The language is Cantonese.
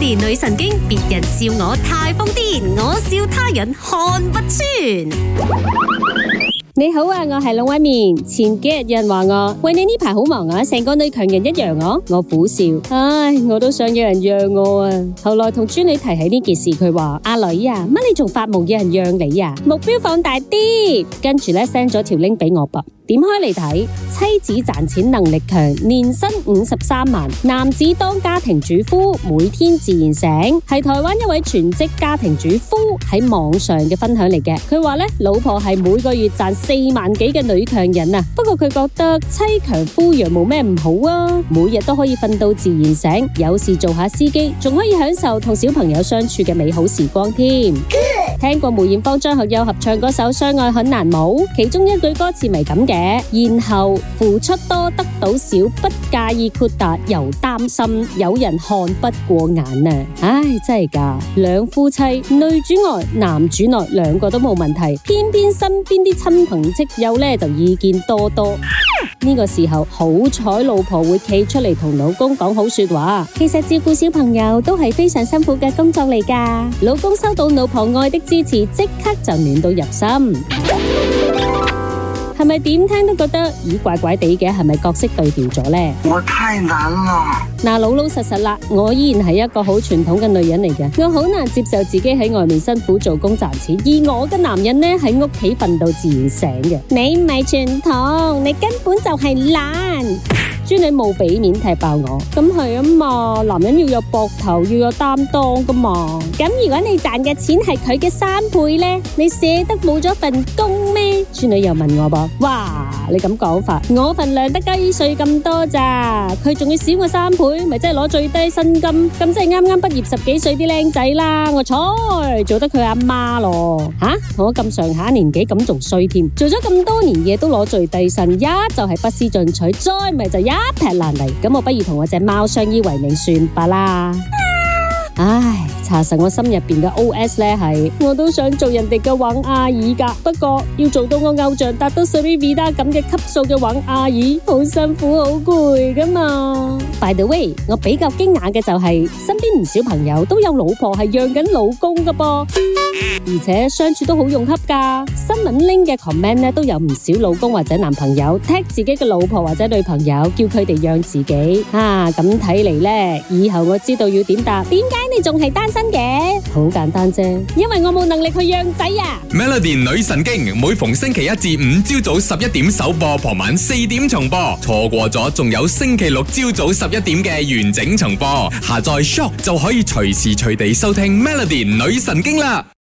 連女神經，別人笑我太瘋癲，我笑他人看不穿。你好啊，我係卤位面。前幾日有人話我，喂，你呢排好忙啊，成個女強人一樣啊。我苦笑，唉，我都想有人讓我啊。後來同豬女提起呢件事，佢話，阿女啊，乜你仲發夢要人讓你啊？目標放大啲，跟住呢 send 咗條 link 俾我啵，點開嚟睇。妻子賺錢能力強，年薪五十三萬。男子當家庭主夫，每天自然醒，係台灣一位全職家庭主夫喺網上嘅分享嚟嘅。佢話咧，老婆係每個月賺四萬幾嘅女強人啊。不過佢覺得妻強夫弱冇咩唔好啊，每日都可以瞓到自然醒，有時做下司機，仲可以享受同小朋友相處嘅美好時光添。 聽過梅艷芳、張學友合唱嗰首《相愛很難》冇？其中一句歌詞咪咁嘅，然後付出多得到少，不介意豁達，又擔心有人看不過眼啊，唉，真係㗎，兩夫妻女主外，男主內，兩個都冇問題，偏偏身邊啲親朋戚友呢就意見多多。呢個時候好彩，老婆會企出嚟同老公講好說話。其實照顧小朋友都係非常辛苦嘅工作嚟㗎，老公收到老婆愛的支持，即刻就暖到入心。係咪點聽都覺得咦，怪怪地嘅？係咪角色對調咗呢？我太難啦！嗱，老老實實啦，我依然係一個好傳統嘅女人嚟嘅，我好難接受自己喺外面辛苦做工賺錢，而我嘅男人呢，喺屋企瞓到自然醒嘅。你唔係傳統，你根本就係懶。尊女冇俾面子踢爆我，咁係啊嘛，男人要有膊頭，要有擔當噶嘛。咁如果你賺嘅錢係佢嘅三倍呢，你捨得冇咗份工咩？孫女又問我噃，哇，你咁講法，我份量得雞碎咁多咋？佢仲要少我三倍，咪真係攞最低薪金，咁真係啱啱畢業十幾歲啲靚仔啦。我彩，做得佢阿媽咯，吓、啊，我咁上下年紀咁仲衰添，做咗咁多年嘢都攞最低薪，一就係不思進取，再咪就是一。一、啊、劈爛泥，咁我不如同我隻貓相依為命算罷啦。唉，查實我心入邊嘅 O S 呢，係，我都想做人哋嘅揾阿姨噶，不過要做到我偶像達到 Sylvia 咁嘅級數嘅揾阿姨，好辛苦好攰噶嘛。By the way，我比較驚訝嘅就係、是、身邊唔少朋友都有老婆係養緊老公噶噃，而且相處都好融洽噶。新聞拎嘅 comment 都有唔少老公或者男朋友 tag 自己嘅老婆或者女朋友，叫佢哋養自己。吓，咁睇嚟呢，以後我知道要點答點解。你仲係單身嘅？好簡單啫，因為我冇能力去養仔啊！Melody 女神經每逢星期一至五朝早十一點首播，傍晚四點重播，錯過咗仲有星期六朝早十一點嘅完整重播。下載 SYOK 就可以隨時隨地收聽 Melody 女神經啦。